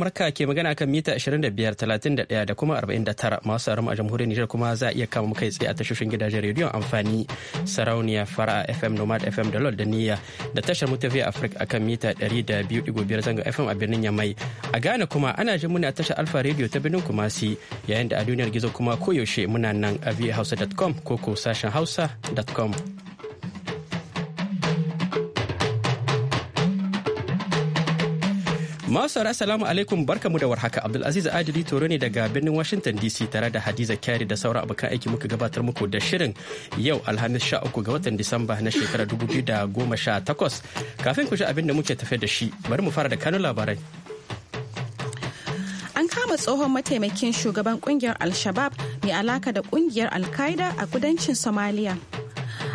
Amurka ke magana kan mita 25,31 da kuma 49 masu tsaron a jamhuriyar Nijar kuma za a iya kama kai tsaye a tashoshin gidajen rediyo amfani sarauniya fara FM Nomad FM da LOL da Niyya da tashar Mutafi Africa a kan mita 200.5 zanga FM a birnin Yamai. A Ghana kuma ana jin muna tashar Alfa Radio ta birnin Kumasi yayin da a duniyar gizo kuma koyaushe muna nan a vhausa.com ko ko sashen hausa.com. Masu assalamu alaikum barkamu da warhaka Abdulaziz Adili Toro ne daga birnin Washington DC tare da Hadiza Kyari da sauran abokan aiki muka gabatar muku da shirin yau Alhamis 13 ga watan Disamba na shekarar 2018. Kafin ku ji abin da muke tafe da shi, bari mu fara da kanun labarai. An kama tsohon mataimakin shugaban kungiyar Al-Shabab mai alaka da kungiyar Al-Qaeda a kudancin Somalia.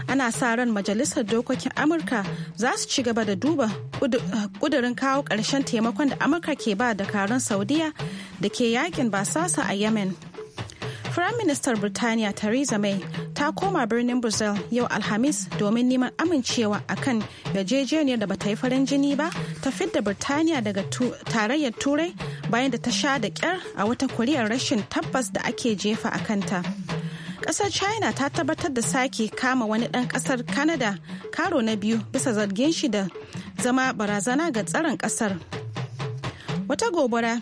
ana sa ran majalisar dokokin amurka za su ci gaba da duba kudurin kawo ƙarshen taimakon da amurka ke ba da dakarun saudiya da ke yakin basasa a yemen Firaministar Birtaniya Theresa May ta koma birnin Brazil yau Alhamis domin neman amincewa akan yarjejeniyar da bata yi farin jini ba ta fidda Birtaniya daga tarayyar Turai bayan da ta sha da kyar a wata kuri'ar rashin tabbas da ake jefa a kanta. Kasar China ta tabbatar da sake kama wani ɗan kasar Canada karo na biyu bisa zargin shi da zama barazana ga tsaron kasar. Wata gobara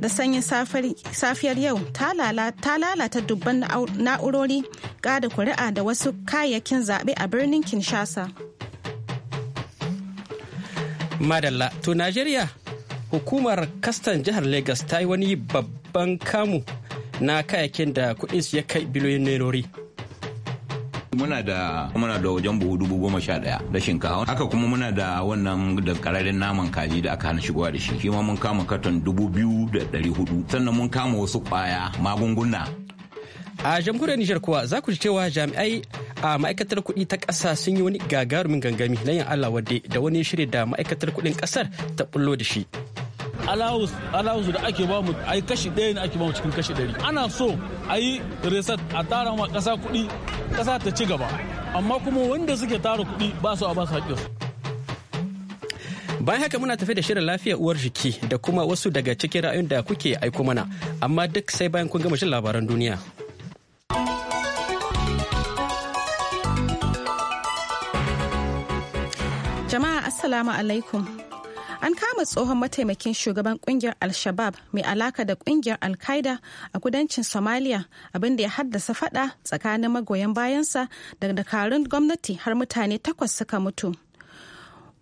da sanyin safiyar yau ta lalata dubban na'urori gada kuri'a da wasu kayayyakin zaɓe a birnin Kinshasa. Madalla, to Najeriya, hukumar kastan jihar Legas ta yi wani babban kamu na kayakin da kuɗin su ya kai biliyoyin nerori muna da muna da wajen buhu dubu goma sha daya da shinkawa haka kuma muna da wannan da kararin naman kaji da aka hana shigowa da shi shi ma mun kama katon dubu biyu da dari hudu sannan mun kama wasu kwaya magunguna a jamhuriyar nijar kuwa za ku ji cewa jami'ai a ma'aikatar kuɗi ta ƙasa sun yi wani gagarumin gangami na yin allah wadde da wani shiri da ma'aikatar kuɗin ƙasar ta bullo da shi alawus da ake ba mu ai kashi ɗaya ne ake ba mu cikin kashi ɗari ana so a yi reset a tara ma ƙasa kuɗi ƙasa ta ci gaba amma kuma wanda suke tara kuɗi ba su a ba su haƙƙinsu bayan haka muna tafi da shirin lafiya uwar jiki da kuma wasu daga cikin ra'ayin da kuke aiko mana amma duk sai bayan kun gama shin labaran duniya jama'a assalamu alaikum An kama tsohon mataimakin shugaban kungiyar Al-Shabab mai alaka da kungiyar Al-Qaida a kudancin Somalia abinda ya haddasa fada tsakanin magoyan bayansa da dakarun gwamnati har mutane takwas suka mutu.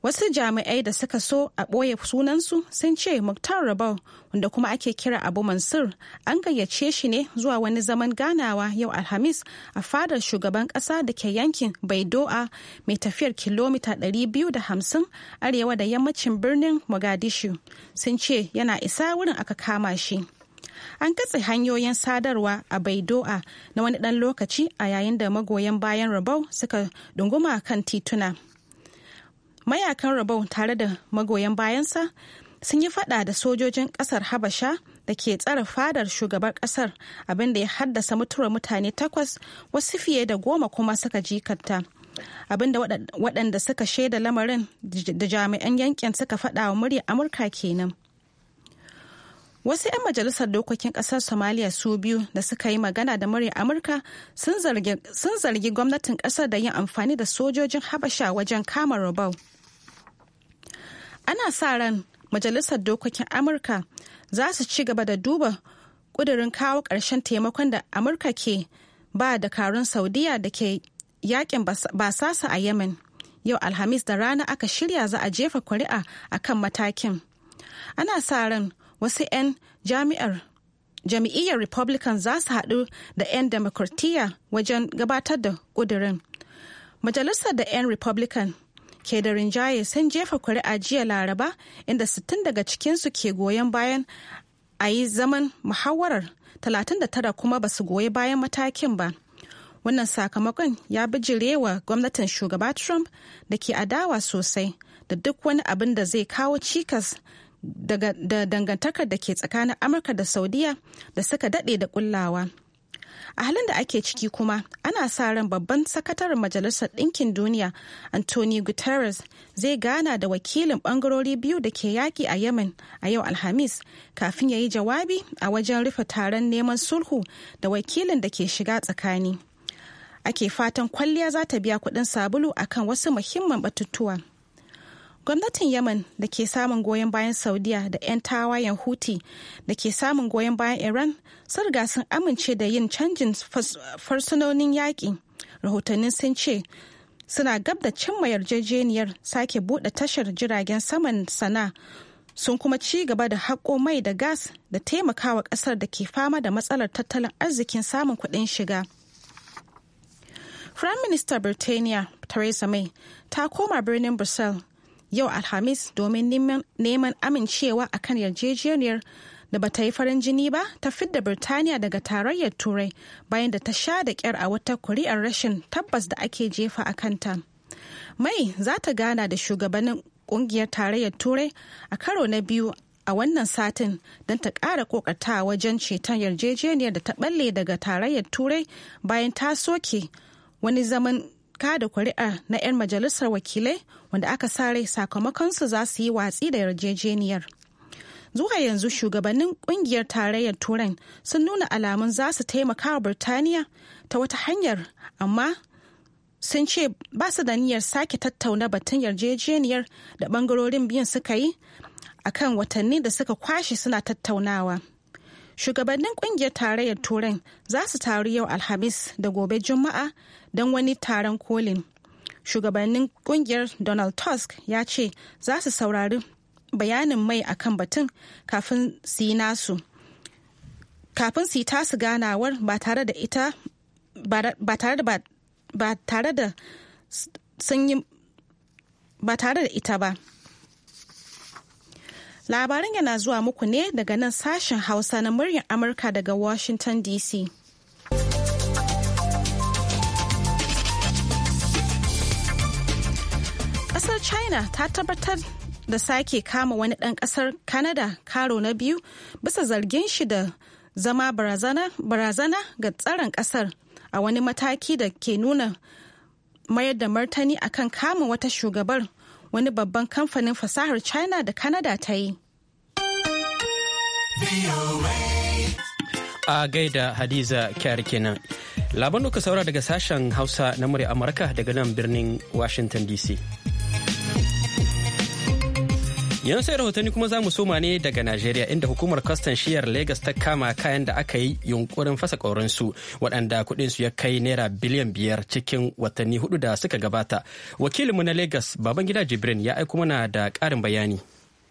Wasu jami'ai da suka so a ɓoye sunansu sun ce Muktar Rabau wanda kuma ake kira Abu Mansur an gayyace shi ne zuwa wani zaman ganawa yau Alhamis a fadar shugaban ƙasa da ke yankin Baidoa mai tafiyar kilomita 250 arewa da yammacin birnin Mogadishu sun ce yana isa wurin aka kama shi. an katse hanyoyin sadarwa a baidoa na wani ɗan lokaci a yayin da magoyan bayan rabau suka dunguma kan tituna mayakan rabon tare da magoyan bayansa sun yi fada da sojojin kasar habasha da ke tsare fadar shugaban kasar abinda ya haddasa mutuwar mutane takwas wasu fiye da goma kuma suka jikanta abinda waɗanda suka shaida lamarin da jami'an yankin suka fada wa murya amurka kenan wasu 'yan majalisar dokokin kasar somaliya su biyu da suka yi magana da murya amurka sun zargi gwamnatin kasar da yin amfani da sojojin habasha wajen kama rabau. ana sa ran majalisar dokokin amurka za su ci gaba da duba kudirin kawo ƙarshen taimakon da amurka ke ba da karun saudiya da ke yakin basasa a yemen yau alhamis da rana aka shirya za a jefa kuri'a a kan matakin ana sa ran wasu 'yan jami'ar jami'iyyar republican za su haɗu da 'yan demokratiya wajen gabatar da ƙudurin majalisar da 'yan republican ke da rinjaye sun jefa kuri'a jiya laraba inda sittin daga cikinsu ke goyon bayan a yi zaman muhawarar 39 kuma ba su goyi bayan matakin ba wannan sakamakon ya bijirewa gwamnatin shugaba trump da ke adawa sosai da duk wani abin da zai kawo cikas da dangantakar da ke tsakanin amurka da saudiya da suka daɗe da kullawa. a halin da ake ciki kuma ana sa ran babban sakataren majalisar ɗinkin duniya anthony guterres zai gana da wakilin ɓangarori biyu da ke yaƙi a yemen a yau alhamis kafin ya yi jawabi a wajen rufe taron neman sulhu da wakilin da ke shiga tsakani ake fatan kwalliya za ta biya kuɗin sabulu akan wasu muhimman batutuwa. gwamnatin yemen da ke samun goyon bayan saudiya da 'yan tawayen huti da ke samun goyon bayan iran sun riga sun amince da yin canjin farsunonin yaƙi rahotannin sun ce suna gab da cimma yarjejeniyar sake buɗe tashar jiragen saman sana sun kuma ci gaba da haƙo mai da gas da taimakawa ƙasar da ke fama da matsalar tattalin arzikin samun kuɗin shiga. firayim Minister Birtaniya Theresa May ta koma birnin Brussels yau alhamis domin neman amincewa akan yarjejeniyar da ba ta yi farin jini ba ta fidda birtaniya daga tarayyar turai bayan da ta sha da kyar a wata kuri'ar rashin tabbas da ake jefa a kanta mai za ta gana da shugabannin kungiyar tarayyar turai a karo na biyu a wannan satin don ta kara kokata wajen ceton yarjejeniyar da ta balle daga tarayyar turai bayan ta soke wani zaman da kuri'a na 'yan majalisar wakilai wanda aka sa rai sakamakonsu za su yi watsi da yarjejeniyar. Zuwa yanzu shugabannin kungiyar tarayyar Turai sun nuna alamun za su taimaka wa Birtaniya ta wata hanyar amma sun ce ba su da niyyar sake tattauna batun yarjejeniyar da bangarorin biyan suka yi akan watanni da suka kwashe suna tattaunawa. shugabannin kungiyar tarayyar turai za su taru yau alhamis da gobe juma'a don wani taron kolin shugabannin kungiyar donald tusk ya ce za su saurari bayanin mai akan batun kafin su yi nasu kafin su yi tasu ganawar ba tare da ita ba tare da sun yi ba tare da ita ba labarin yana zuwa muku ne daga nan sashen Hausa na muryar Amurka daga Washington DC. Ƙasar China ta tabbatar da sake kama wani ɗan ƙasar Canada karo na biyu bisa zargin shi da zama barazana, barazana ga tsaron ƙasar a wani mataki da ke nuna mayar da martani akan kama wata shugabar wani babban kamfanin fasahar china da canada ta yi a gaida hadiza kyar kenan labar saura daga sashen hausa na murya amurka daga nan birnin washington dc Yan sai rahotanni kuma za mu soma ne daga Najeriya inda hukumar kwastan shiyar Legas ta kama kayan da aka yi yunkurin fasa ƙaurinsu waɗanda su ya kai naira biliyan biyar cikin watanni hudu da suka gabata. Wakilinmu na Legas Babangida Jibrin ya aiko mana da ƙarin bayani.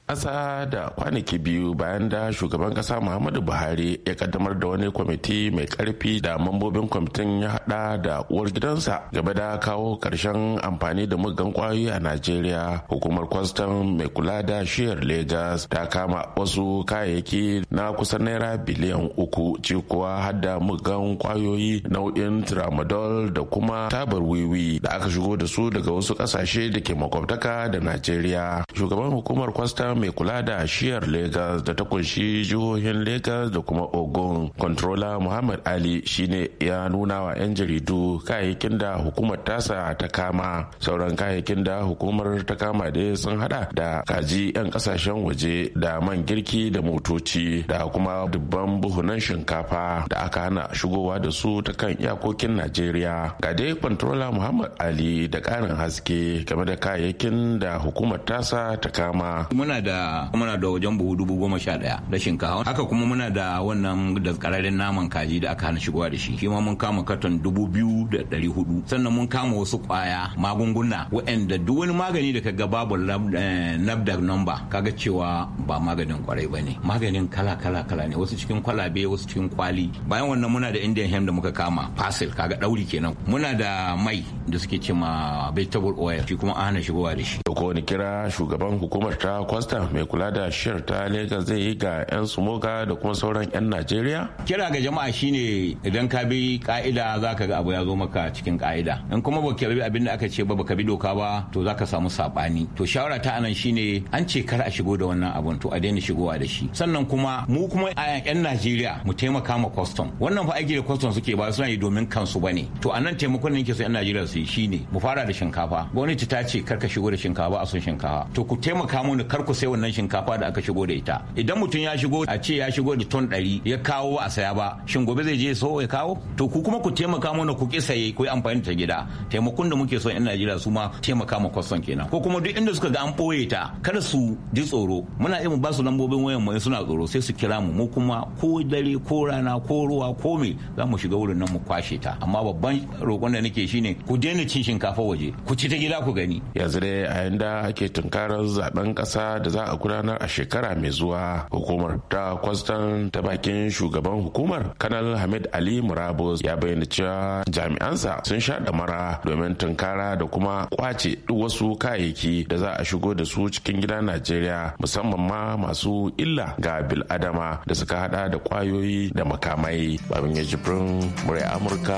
ƙasa da kwanaki biyu bayan da shugaban ƙasa muhammadu buhari ya kaddamar da wani kwamiti mai ƙarfi da mambobin kwamitin ya hada da uwar gidansa gaba da kawo ƙarshen amfani da muggan kwayoyi a najeriya hukumar kwastam mai kula da shiyar Legas ta kama wasu kayayyaki na kusan naira biliyan uku ci kuwa hada muggan kwayoyi nau'in tramadol da kuma tabar wiwi da aka shigo da su daga wasu ƙasashe da ke makwabtaka da najeriya shugaban hukumar kwastam mai kula da shiyar Legas da ta kunshi jihohin Legas da kuma Ogun. Controller Muhammad Ali shine ya nuna wa 'yan jaridu kayayyakin da hukumar tasa ta kama. Sauran kayayyakin da hukumar ta kama dai sun hada da kaji 'yan kasashen waje da man girki da motoci da kuma dubban buhunan shinkafa da aka hana shigowa da su ta kan iyakokin Najeriya. Ga dai Controller Muhammad Ali da karin haske game da kayayyakin da hukumar tasa ta kama. Muna da muna da wajen buhu dubu goma sha daya da shinkawa haka kuma muna da wannan da kararren naman kaji da aka hana shigowa da shi shi ma mun kama katon dubu biyu da dari hudu sannan mun kama wasu kwaya magunguna wa'anda duk wani magani da kaga babu eh, nabda number kaga cewa ba maganin kwarai ba ne maganin kala kala kala ne wasu cikin kwalabe wasu cikin kwali bayan wannan muna da indian hem da muka kama fasil kaga ɗauri kenan muna da mai da suke cema vegetable oil shi kuma hana shigowa da shi ko ni kira shugaban hukumar ta kwasta minista mai kula da shir ta lagos zai yi ga 'yan sumoka da kuma sauran 'yan Najeriya? Kira ga jama'a shine idan ka bi ka'ida za ka ga abu ya zo maka cikin ka'ida. In kuma ba bi abin da aka ce ba ka bi doka ba to za ka samu sabani. To shawara ta anan shine an ce kar a shigo da wannan abun to a daina shigowa da shi. Sannan kuma mu kuma 'yan Najeriya mu taimaka ma kwastom. Wannan fa aiki da kwastom suke ba suna yi domin kansu ba ne. To nan taimakon da yake so 'yan Najeriya su yi shine mu fara da shinkafa. Gwamnati ta ce kar ka shigo da shinkafa a son shinkafa. To ku taimaka mu kar ku sai sai wannan shinkafa da aka shigo da ita idan mutum ya shigo a ce ya shigo da ton ɗari ya kawo a saya ba shin gobe zai je so ya kawo to ku kuma ku taimaka mana ku ki saye ku yi amfani da gida taimakon da muke son yan Najeriya su ma taimaka ma kwaston kenan ko kuma duk inda suka ga an ɓoye ta kada su ji tsoro muna iya mu ba su lambobin wayan mu suna tsoro sai su kira mu mu kuma ko dare ko rana ko ruwa ko me za mu shiga wurin nan mu kwashe ta amma babban roƙon da nake shine ku daina cin shinkafa waje ku ci ta gida ku gani yanzu dai a yanda ake tunkarar zaben kasa. da za a gudanar a shekara mai zuwa hukumar ta kwastan ta bakin shugaban hukumar kanal hamid ali murabus ya bayyana cewa jami'ansa sun sha damara domin tunkara da kuma kwace duk wasu kayayyaki da za a shigo da su cikin gida najeriya musamman ma masu illa ga biladama da suka hada da kwayoyi da makamai babin ya jibrin murai amurka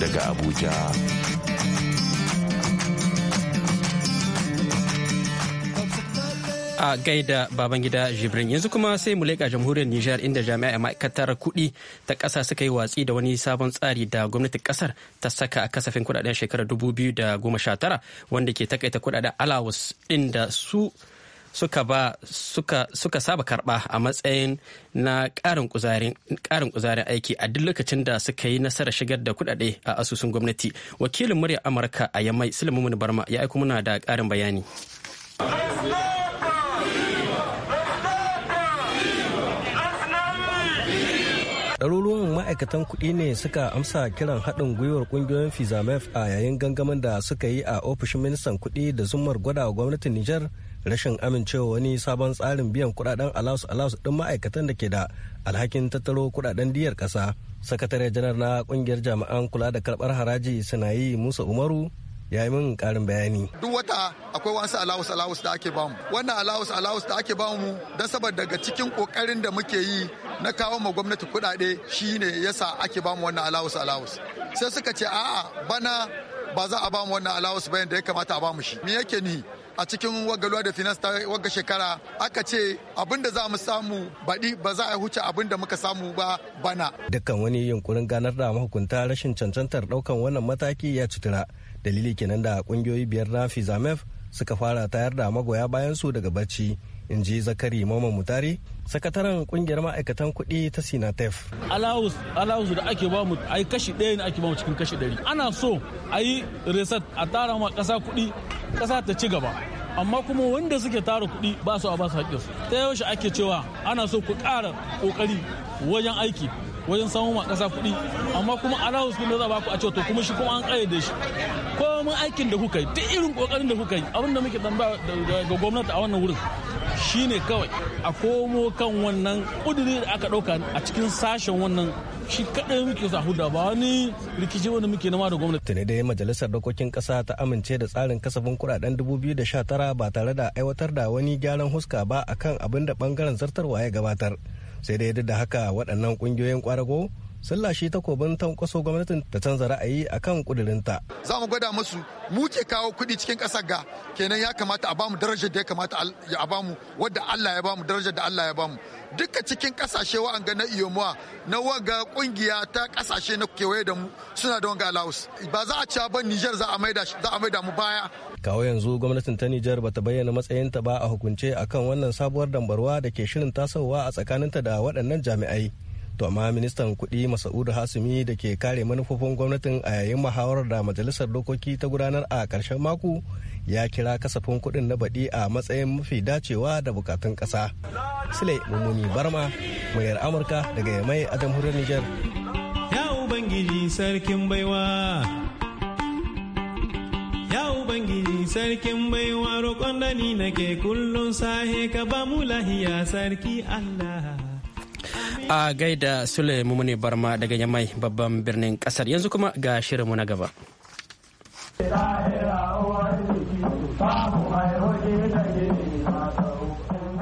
daga abuja a gaida baban gida jibrin yanzu kuma sai mu leƙa jamhuriyar nijar inda jami'a ma'aikatar kuɗi ta ƙasa suka yi watsi da wani sabon tsari da gwamnatin ƙasar ta saka a kasafin kuɗaɗen shekarar 2019 wanda ke takaita kuɗaɗen alawus inda su suka ba suka, suka saba karba a matsayin na ƙarin kuzarin aiki a duk lokacin da suka yi nasarar shigar da kudade a asusun gwamnati wakilin murya amurka a yammai sulaiman barma ya aiko muna da ƙarin bayani ɗaruruwan ma'aikatan kuɗi ne suka amsa kiran haɗin gwiwar ƙungiyoyin fizamef a yayin gangamin da suka yi a ofishin ministan kuɗi da zumar gwada gwamnatin nijar rashin amincewa wani sabon tsarin biyan kuɗaɗen alaus alaus ɗin ma'aikatan da ke da alhakin tattaro kuɗaɗen diyar ƙasa sakatare janar na ƙungiyar jami'an kula da karɓar haraji sanayi musa umaru ya yi min karin bayani. Duk wata akwai wasu alawus alawus da ake bamu. Wannan alawus alawus da ake bamu don saboda daga cikin kokarin da muke yi na kawo ma gwamnati kuɗaɗe shine yasa ake bamu wannan alawus alawus. Sai suka ce a'a bana ba za a bamu wannan alawus bayan da ya kamata a bamu shi. Me yake ni? a cikin wagaluwa da finance ta wagga shekara aka ce abinda da za mu samu baɗi ba za a huce abin da muka samu ba bana. Dukkan wani yunkurin ganar da mahukunta rashin cancantar ɗaukan wannan mataki ya cutura dalili kenan da kungiyoyi biyar na fizamef suka fara tayar da magoya bayan su daga barci in ji zakari mama mutari sakataren kungiyar ma'aikatan kuɗi ta sinatef alawus da ake ba mu ai kashi ɗaya ne ake ba mu cikin kashi ɗari ana so a yi reset a tara ma ƙasa kuɗi ƙasa ta ci gaba amma kuma wanda suke tara kuɗi ba su a ba su haƙƙinsu ta yaushe ake cewa ana so ku ƙara ƙoƙari wajen aiki wajen samun ma kasa kuɗi amma kuma allowance din da za a baku a ce to kuma shi kuma an kayyade shi ko mun aikin da kuka yi duk irin kokarin da kuka yi abin da muke dan ga gwamnati a wannan wurin shine kawai a komo kan wannan kuduri da aka dauka a cikin sashen wannan shi kadai muke sa huda ba wani rikici wanda muke nama da gwamnati ne dai majalisar dokokin kasa ta amince da tsarin kasafin kuɗaɗen 2019 ba tare da aiwatar da wani gyaran huska ba akan abin da bangaren zartarwa ya gabatar sai dai da haka waɗannan ƙungiyoyin ƙwarago sun lashe takobin tankwaso gwamnatin ta canza ra'ayi a kan kudurinta. Za mu gwada masu muke kawo kuɗi cikin ƙasar ga kenan ya kamata a bamu darajar da ya kamata ya bamu wadda Allah ya bamu darajar da Allah ya bamu. Duka cikin ƙasashe wa'anga na iyomuwa na waga ƙungiya ta ƙasashe na kewaye da mu suna da wanga Laos. Ba za a ci ban Nijar za a maida za mu baya. Kawo yanzu gwamnatin ta Nijar bata bayyana matsayinta ba a hukunce akan wannan sabuwar dambarwa da ke shirin tasowa a tsakaninta da waɗannan jami'ai. To amma ministan kudi Masa'udu Hasumi da ke kare manufofin gwamnatin a yayin muhawarar da majalisar dokoki ta gudanar a karshen mako ya kira kasafin kudin na baɗi a matsayin mafi dacewa da bukatun kasa Sule Mummuni Barma, muryar Amurka daga Yamai a jamhuriyar niger. Ya Ubangiji sarkin baiwa. Ya Ubangiji sarkin baiwa roƙon da nake kullum sahe ka ba mu lahiya sarki Allah. A gaida Sule Mumuni Barma daga Yamai babban birnin kasar yanzu kuma ga shirinmu na gaba.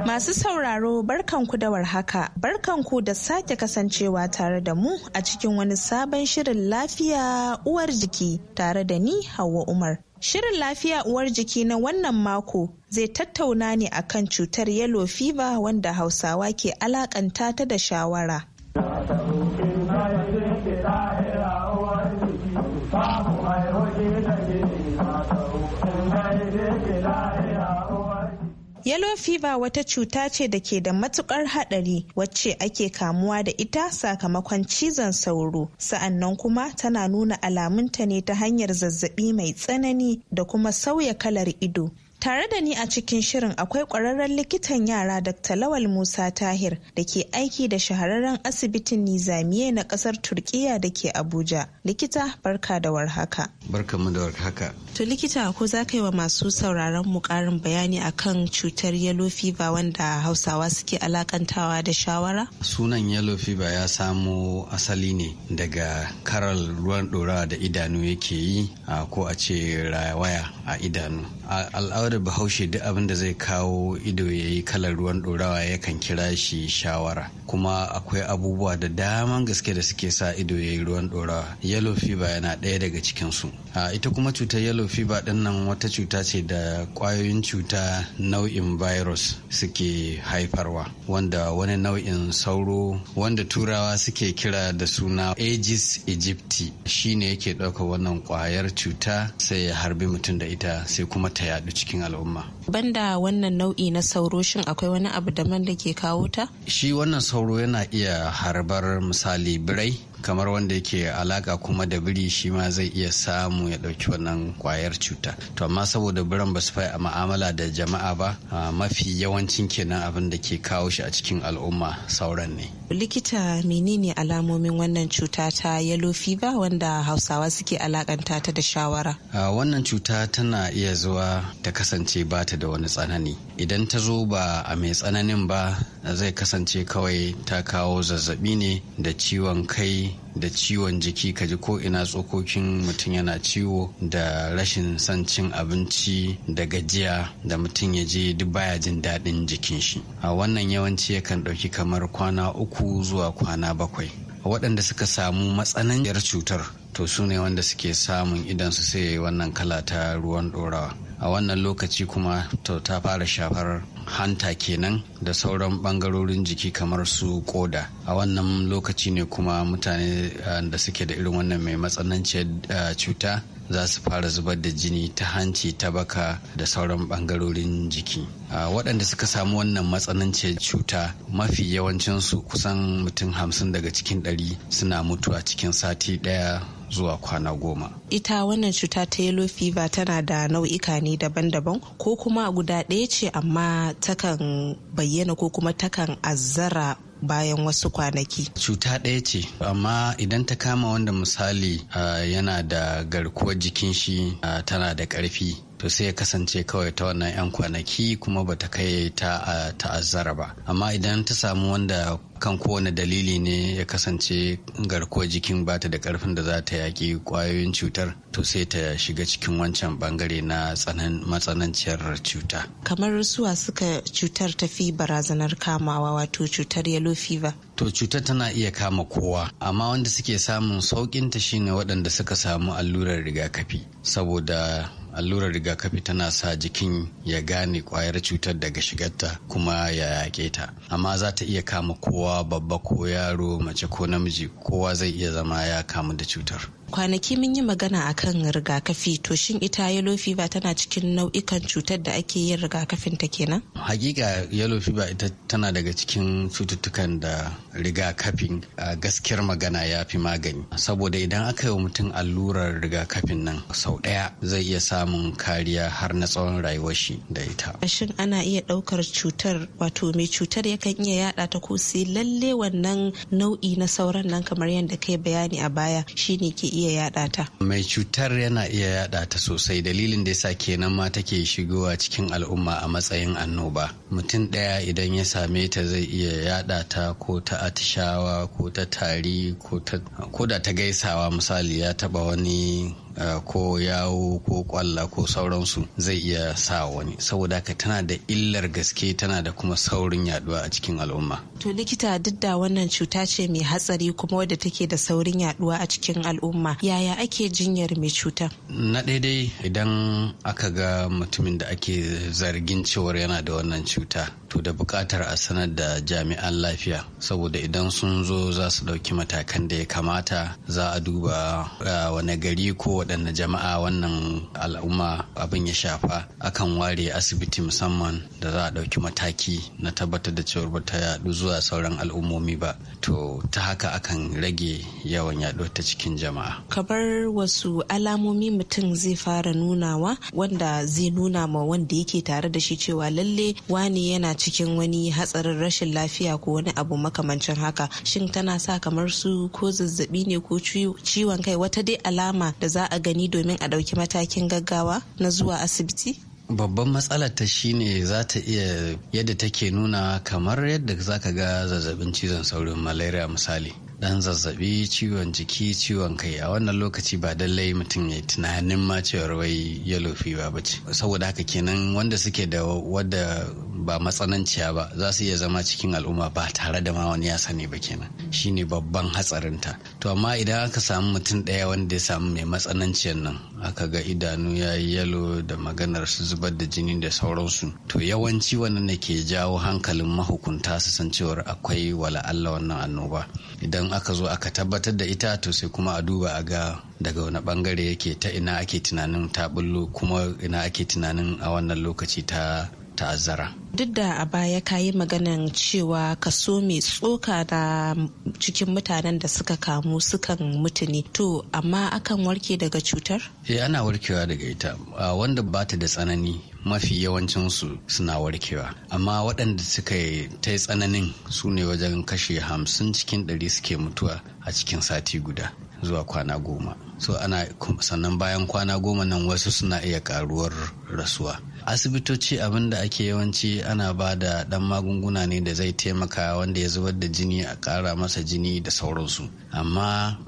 Masu sauraro barkanku da warhaka, barkanku da sake kasancewa tare da mu a cikin wani sabon shirin lafiya uwar jiki tare da ni Hauwa Umar. Shirin lafiya uwar jiki na wannan mako zai tattauna ne akan cutar yellow fever wanda Hausawa ke alakanta ta da shawara. Yellow fever wata cuta ce da ke da matukar haɗari wacce ake kamuwa da ita sakamakon cizon sauro. Sa'annan kuma tana nuna alamunta ne ta hanyar zazzabi mai tsanani da kuma sauya kalar ido. Tare da ni a cikin shirin akwai ƙwararren likitan yara Dr. Lawal Musa Tahir da ke aiki da shahararren asibitin Nizamiye na ƙasar Turkiyya da ke Abuja. Likita barka da warhaka. Barka mu da warhaka. To likita ko za ka yi wa masu sauraron mu ƙarin bayani akan cutar yellow fever wanda Hausawa suke alakantawa da shawara? Sunan yellow fever ya samo asali ne daga karal ruwan ɗorawa da idanu yake yi ko a ce rawaya a idanu. al'adar bahaushe duk abin da zai kawo ido ya yi kalar ruwan ɗorawa yakan kira shi shawara kuma akwai abubuwa da daman gaske da suke sa ido ya yi ruwan ɗorawa yellow fever yana ɗaya daga cikinsu ita kuma cutar yellow fever ɗin nan wata cuta ce da ƙwayoyin cuta nau'in virus suke haifarwa wanda wani nau'in sauro wanda turawa suke kira da suna aegis aegypti shine yake ɗaukar wannan ƙwayar cuta sai ya harbi mutum da ita sai kuma ta ta yadu cikin al'umma. Banda wannan nau'i na sauro shin akwai wani abu daban da ke kawo ta? Shi wannan sauro yana iya harbar misali birai kamar wanda yake alaka kuma da biri shi ma zai iya samu ya dauki wannan kwayar cuta to amma saboda biran ba su fai a ma'amala da jama'a ba mafi yawancin kenan abin da ke kawo shi a cikin al'umma sauran ne likita menene alamomin wannan cuta ta yellow fever wanda hausawa suke alakanta ta da shawara wannan cuta tana iya zuwa ta kasance ba ta da wani tsanani idan ta zo ba a mai tsananin ba zai kasance kawai ta kawo zazzabi ne da ciwon kai da ciwon jiki ka ji ko ina tsokokin mutum yana ciwo da rashin son cin abinci da gajiya da mutum ya je duk baya jin daɗin jikin shi a wannan yawanci yakan ɗauki kamar kwana uku zuwa kwana bakwai waɗanda suka samu matsananciyar cutar to su ne wanda suke samun idan su sai wannan kala ta ruwan ɗorawa a wannan lokaci kuma to ta fara shafar hanta kenan da sauran bangarorin jiki kamar su koda a wannan lokaci ne kuma mutane eh, da suke da irin wannan mai matsananciyar eh, cuta za su fara zubar da jini ta hanci ta baka da sauran bangarorin jiki waɗanda suka samu wannan matsananciyar cuta mafi yawancinsu kusan mutum hamsin daga cikin ɗari suna mutuwa cikin sati ɗaya zuwa kwana goma. Ita wannan cuta ta yellow fever tana da nau'ika ne daban-daban ko kuma guda ɗaya ce amma takan bayyana ko kuma takan azzara bayan wasu kwanaki. Cuta ɗaya ce, amma idan ta kama wanda misali uh, yana da garkuwar jikin shi uh, tana da ƙarfi to sai ya kasance kawai ta wannan 'yan kwanaki kuma ba ta kai ta ta'azzara ba amma idan ta samu wanda kan kowane dalili ne ya kasance garkuwar jikin bata da karfin da za ta yaƙi ƙwayoyin cutar to sai ta shiga cikin wancan bangare na matsananciyar cuta kamar suwa suka cutar tafi barazanar kamawa wato cutar yellow fever to cutar tana iya kama kowa amma wanda suke samun sauƙinta shine waɗanda suka samu allurar rigakafi saboda allurar rigakafi tana sa jikin ya gane kwayar cutar daga shigarta kuma ya yaƙe ta amma za ta iya kama kowa babba ko yaro mace ko namiji kowa zai iya zama ya kamu da cutar kwanaki mun yi magana a kan rigakafi to shin ita yellow fever tana cikin nau'ikan cutar da ake yin rigakafin ta kenan hakika yellow fever ita tana daga cikin cututtukan da rigakafin a gaskiyar magana ya fi magani saboda idan aka yi wa mutum allurar rigakafin nan sau ɗaya zai iya samun kariya har na tsawon rayuwar shi da ita shin ana iya ɗaukar cutar wato mai cutar yakan iya yaɗa ta ko sai lalle wannan nau'i na sauran nan kamar yadda kai bayani a baya shine ke iya iya yada ta mai cutar yana iya yada ta sosai dalilin da yasa kenan ma take shigowa cikin al'umma a matsayin annoba mutum ɗaya idan ya same ta zai iya yada ta ko ta atishawa ko ta tari ko da ta gaisawa misali ya taba wani ko yawo ko kwalla ko sauransu zai iya sa wani saboda haka tana da illar gaske tana da kuma saurin yaduwa a cikin al'umma to likita duk da wannan cuta ce mai hatsari kuma wadda take da saurin yaduwa a cikin al'umma yaya ake jinyar mai cuta na daidai idan aka ga mutumin da ake zargin cewar yana da wannan cuta to da bukatar a sanar da jami'an lafiya saboda idan sun zo za su ɗauki matakan da ya kamata za a duba wani gari ko waɗanne jama'a wannan al'umma abin ya shafa akan ware asibiti musamman da za a ɗauki mataki na tabbatar da cewar bata yaɗu zuwa sauran al'ummomi ba to ta haka akan rage yawan yaɗuwar ta cikin jama'a kabar wasu alamomi mutum zai fara nunawa wanda zai nuna ma wanda yake tare da shi cewa lalle wani yana cikin wani hatsarin rashin lafiya ko wani abu makamancin haka shin tana sa kamar su ko zazzabi ne ko ciwon kai wata dai alama da za a gani domin a ɗauki matakin gaggawa na zuwa asibiti? babban matsala ta shine za ta iya yadda take nuna kamar yadda za ka ga zazzabin cizon saurin malaria misali dan zazzabi ciwon jiki ciwon kai a wannan lokaci ba dallai mutum ya tunanin ma cewar wai yellow fever ba ce saboda haka kenan wanda suke da wadda ba matsananciya ba za su iya zama cikin al'umma ba tare da ma wani ya sani ba kenan shine babban hatsarinta to amma idan aka samu mutum ɗaya wanda ya samu mai matsananciyar nan aka ga idanu ya yi yalo da maganar su zubar da jini da sauransu to yawanci wannan ne ke jawo hankalin mahukunta su san cewar akwai wala Allah wannan annoba idan aka zo aka tabbatar da ita to sai kuma a duba a ga daga wani bangare yake ta ina ake tunanin ta bullo kuma ina ake tunanin a wannan lokaci ta ta'azzara. Duk da a baya ka yi maganan cewa kaso mai tsoka da cikin mutanen da suka kamu sukan mutu To, amma akan warke daga cutar? e ana warkewa daga ita. Wanda ba ta da tsanani mafi yawancinsu suna warkewa. Amma waɗanda suka yi ta tsananin su ne wajen kashe hamsin cikin ɗari suke mutuwa a cikin sati guda. zuwa kwana goma so ana sannan bayan kwana goma nan wasu suna iya karuwar rasuwa asibitoci abin da ake yawanci ana ba da ɗan magunguna ne da zai taimaka wanda ya zubar da jini a kara masa jini da sauransu amma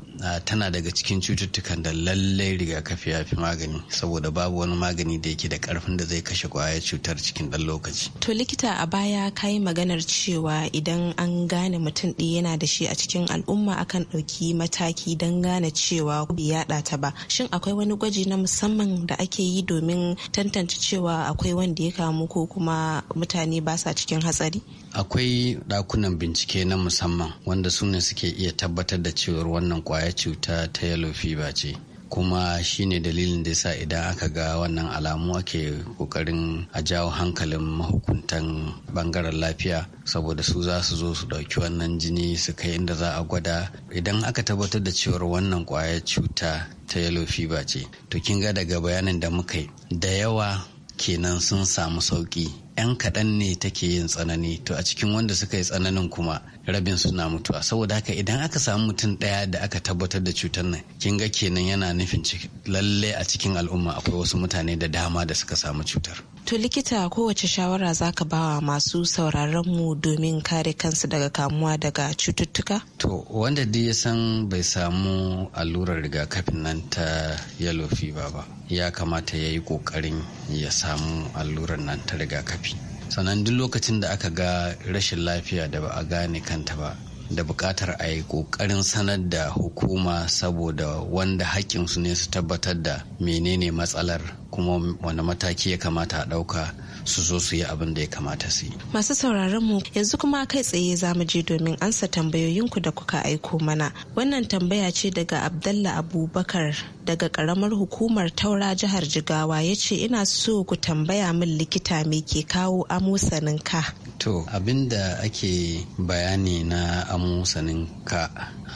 tana daga cikin cututtukan da lallai rigakafi ya fi magani saboda babu wani magani da yake da karfin da zai kashe kwayar cutar cikin dan lokaci. To likita a baya ka yi maganar cewa idan an gane mutum ɗaya yana da shi a cikin al'umma akan ɗauki mataki don gane cewa bai yaɗa ta ba. Shin akwai wani gwaji na musamman da ake yi domin tantance cewa akwai wanda ya kamu ko kuma mutane ba sa cikin hatsari? akwai ɗakunan bincike na musamman wanda su ne suke iya tabbatar da cewar wannan kwaya cuta ta yellow fever ce kuma shine dalilin da yasa idan aka ga wannan alamu ake kokarin a jawo hankalin mahukuntan bangaren lafiya saboda su za su zo su ɗauki wannan jini su kai inda za a gwada idan aka tabbatar da cewar wannan kwayar cuta ta yellow fever ce to kin ga daga bayanin da muka yi da yawa kenan sun samu sauki 'yan kaɗan ne take yin tsanani to a cikin wanda suka yi tsananin kuma rabin suna mutuwa saboda haka idan aka samu mutum ɗaya da aka tabbatar da cutar nan kin ga kenan yana nufin lalle a cikin al'umma akwai wasu mutane da dama da suka samu cutar To likita kowace shawara za ka ba wa masu sauraron mu domin kare kansu daga kamuwa daga cututtuka? To wanda dai ya san bai samu allurar rigakafin nan ta yellow fever ba ya kamata ya yi kokarin ya samu allurar nan ta rigakafi. sannan duk lokacin da aka ga rashin lafiya da ba a gane kanta ba da buƙatar a yi ƙoƙarin sanar da hukuma saboda wanda haƙƙinsu ne su tabbatar da menene matsalar kuma wani mataki ya kamata a ɗauka su zo su yi abin da ya kamata su yi. Masu sauraron mu yanzu kuma kai tsaye za mu je domin ansa tambayoyinku da kuka aiko mana. Wannan tambaya ce daga Abdalla Abubakar daga karamar hukumar Taura jihar Jigawa ya ce ina so ku tambaya min likita me ke kawo amusanin ka. To abin da ake bayani na amusanin ka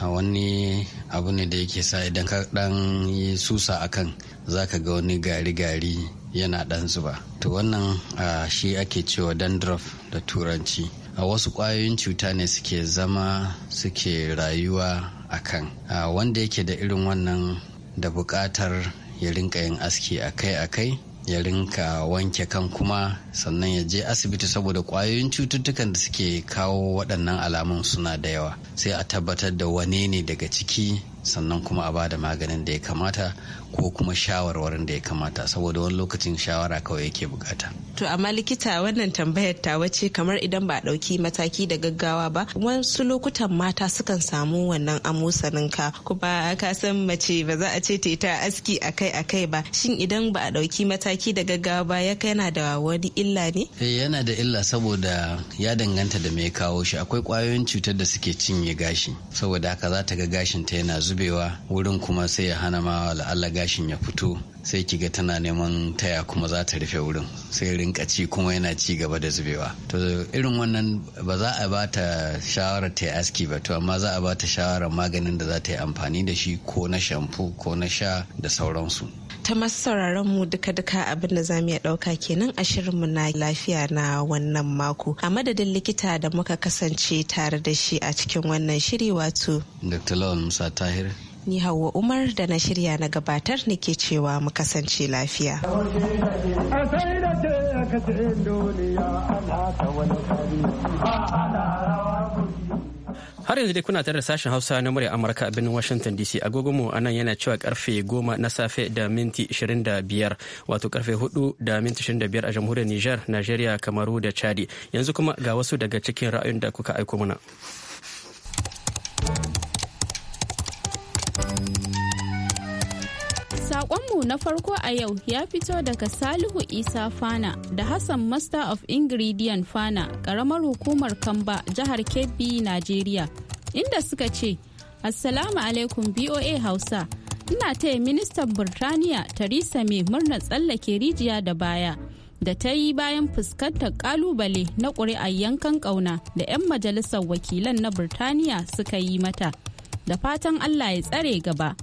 a wani abu ne da yake sa idan ka dan yi susa akan zaka ga wani gari-gari yana ɗan zuba to wannan shi ake cewa dandruff da turanci a wasu ƙwayoyin cuta ne suke zama suke rayuwa a kan wanda yake da irin wannan da buƙatar ya rinka yin aski akai-akai ya rinka wanke kan kuma sannan ya je asibiti saboda kwayoyin cututtukan da suke kawo waɗannan alamun suna da yawa sai a tabbatar da wane ne daga ciki sannan kuma a bada maganin da ya kamata ko kuma shawarwarin da ya kamata saboda wani lokacin shawara kawai yake bukata. To amma likita wannan tambayar ta wace kamar idan ba ɗauki mataki da gaggawa ba wasu lokutan mata sukan samu wannan amosanin ka kuma ka san mace ba za a ce ta ta aski akai akai ba shin idan ba a ɗauki mataki da gaggawa ba ya yana da wani illa ne? Eh, yana da illa saboda ya danganta da me ya kawo shi akwai kwayoyin cutar da suke cinye gashi saboda haka za ta ga gashin ta yana zubewa wurin kuma sai ya hana ma la'alla gashin ya fito sai ki ga tana neman taya kuma za ta rufe wurin sai rinka ci kuma yana ci gaba da zubewa to irin wannan ba za a ba ta shawarar ta yi aski ba to amma za a ba ta shawarar maganin da za ta yi amfani da shi ko na shamfu ko na sha da sauransu ta masu sauraron mu duka-duka abin da zamu iya ɗauka kenan a shirinmu na lafiya na wannan mako a madadin likita da muka kasance tare da shi a cikin wannan shiri wato dr lawan musa tahir ni Hauwa Umar da na shirya na gabatar nake cewa mu kasance lafiya. Har yanzu dai kuna tare da sashen Hausa na murya Amurka a birnin Washington DC agogonmu a nan yana cewa karfe 10 na safe da minti 25 wato karfe 4 da minti 25 a jamhuriyar niger Najeriya, Kamaru da Chadi. Yanzu kuma ga wasu daga cikin ra'ayin da kuka aiko mana. Sakonmu na farko a yau ya fito daga Salihu Isa Fana da Hassan Master of Ingredient Fana, ƙaramar hukumar Kamba, jihar Kebbi, Najeriya, inda suka ce, Assalamu alaikum BOA Hausa, ina taya ministan Birtaniya Theresa May murna tsallake rijiya da baya. da ta yi bayan fuskantar kalubale na ƙuri'ar yankan ƙauna da 'yan majalisar wakilan na Birtaniya suka yi mata. Da fatan Allah ya tsare gaba.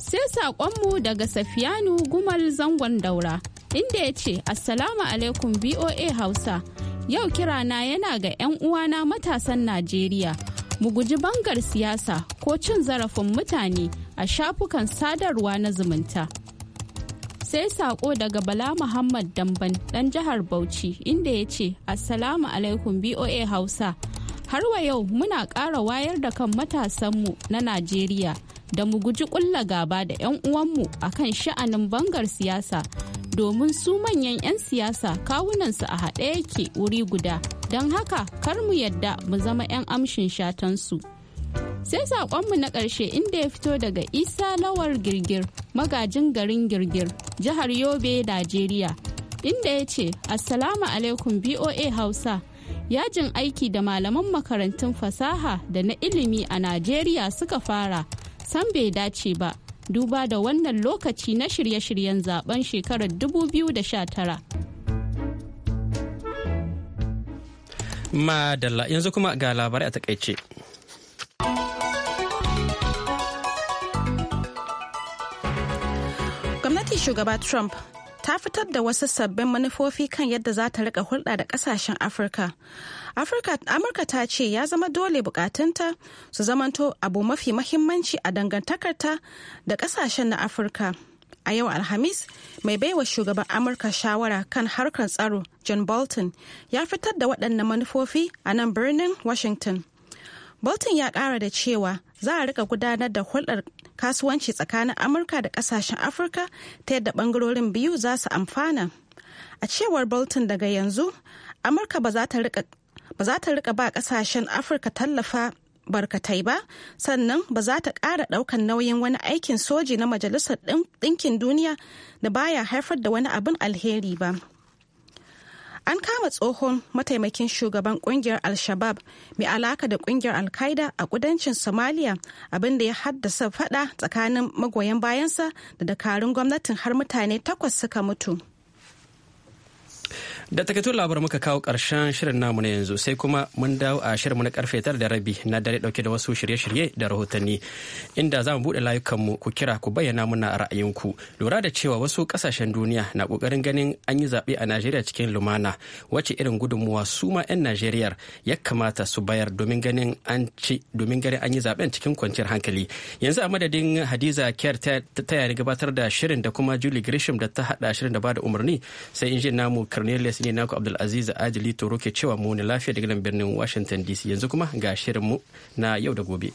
Sai saƙonmu daga Safiyanu Gumal Zangon Daura, inda ya ce, Assalamu alaikum BOA Hausa, yau kirana yana ga 'yan uwana matasan Najeriya. Mu guji bangar siyasa ko cin zarafin mutane a shafukan sadarwa na zumunta. sai saƙo daga bala muhammad damban ɗan jihar bauchi inda ya ce assalamu alaikum boa hausa har wa yau muna ƙara wayar da kan matasanmu na najeriya da mu guji ƙulla gaba da 'yan uwanmu a kan sha'anin bangar siyasa domin su manyan 'yan siyasa kawunansu a haɗe yake wuri guda don haka kar mu yadda mu zama 'yan amshin shatansu. sai saƙonmu na ƙarshe inda ya fito daga isa lawar girgir magajin garin girgir jihar yobe najeriya inda ya ce assalamu alaikum boa hausa yajin aiki da malaman makarantun fasaha da na ilimi a najeriya suka fara san bai dace ba duba da wannan lokaci na shirye-shiryen zaben shekarar 2019 madalla yanzu kuma ga labarai a takaice gwamnatin shugaba trump ta fitar da wasu sabbin manufofi kan yadda za ta rika hulɗa da ƙasashen afirka amurka ta ce ya zama dole bukatunta su zamanto abu mafi mahimmanci a dangantakarta da ƙasashen na afirka a yau alhamis mai baiwa shugaban amurka shawara kan harkar tsaro john bolton ya fitar da waɗannan manufofi a nan birnin washington bolton ya ƙara da cewa za a rika gudanar da hulɗar kasuwanci tsakanin amurka da kasashen afirka ta yadda bangarorin biyu za su amfana a cewar bolton daga yanzu amurka ba za ta rika ba kasashen afirka tallafa barkatai ba sannan ba za ta ƙara ɗaukan nauyin wani aikin soji na majalisar ɗinkin duniya da baya haifar da wani abin alheri ba. an kama tsohon mataimakin shugaban kungiyar al-shabab mai alaka da kungiyar al-qaida a kudancin somalia abinda ya haddasa fada tsakanin magoyan bayansa da dakarun gwamnatin har mutane takwas suka mutu da takaitun labar muka kawo karshen shirin namu na yanzu sai kuma mun dawo a shirinmu na karfe tara da rabi na dare dauke da wasu shirye-shirye da rahotanni inda za mu buɗe layukanmu ku kira ku bayyana muna ra'ayinku lura da cewa wasu kasashen duniya na ƙoƙarin ganin an yi zaɓe a najeriya cikin lumana wacce irin gudunmuwa su ma 'yan najeriya ya kamata su bayar domin ganin an ci domin ganin an yi zaɓen cikin kwanciyar hankali yanzu a madadin hadiza kyar ta gabatar da shirin da kuma julie grisham da ta haɗa shirin da ba da umarni sai injin namu cornelius su ne naku Abdulaziz Ajili Toro ke cewa mu ne lafiya daga nan birnin Washington DC yanzu kuma ga shirinmu na yau da gobe.